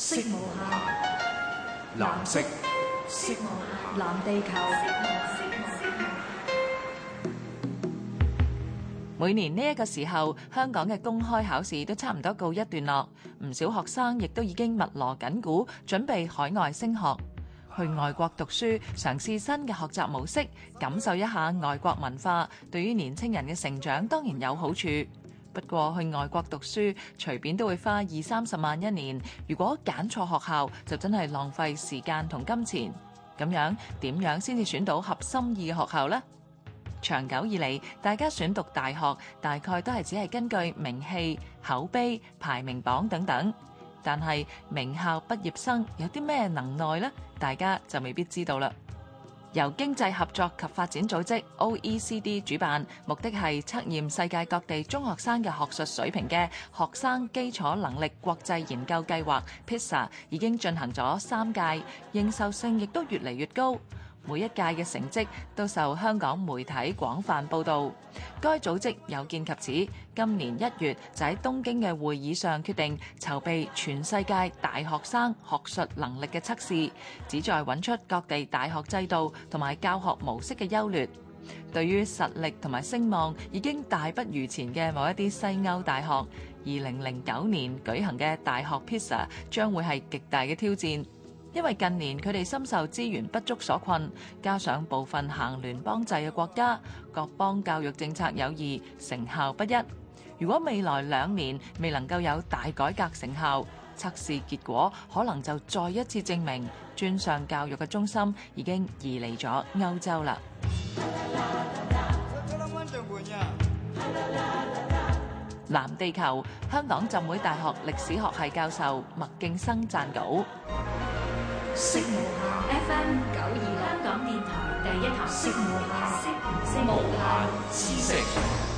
藍色，藍地球。每年呢一個時候，香港嘅公開考試都差唔多告一段落，唔少學生亦都已經密鑼緊鼓，準備海外升學，去外國讀書，嘗試新嘅學習模式，感受一下外國文化，對於年青人嘅成長當然有好處。不過去外國讀書，隨便都會花二三十萬一年。如果揀錯學校，就真係浪費時間同金錢。咁樣點樣先至選到合心意嘅學校呢？長久以嚟，大家選讀大學大概都係只係根據名氣、口碑、排名榜等等。但係名校畢業生有啲咩能耐呢？大家就未必知道啦。由經濟合作及發展組織 （OECD） 主辦，目的係測驗世界各地中學生嘅學術水平嘅學生基礎能力國際研究計劃 （PISA） 已經進行咗三屆，認受性亦都越嚟越高。每一屆嘅成績都受香港媒體廣泛報導。該組織有見及此，今年一月就喺東京嘅會議上決定籌備全世界大學生學術能力嘅測試，旨在揾出各地大學制度同埋教學模式嘅優劣。對於實力同埋聲望已經大不如前嘅某一啲西歐大學，二零零九年舉行嘅大學 PISA 將會係極大嘅挑戰。因為近年，佢哋深受資源不足所困，加上部分行聯邦制嘅國家，各邦教育政策有異，成效不一，如果未來兩年未能有大改革成效，測試結果可能就再一次證明，專上教育嘅中心已經移離咗歐洲啦。 FM 九二香港電台第一台，識無限，識唔識，無限知識。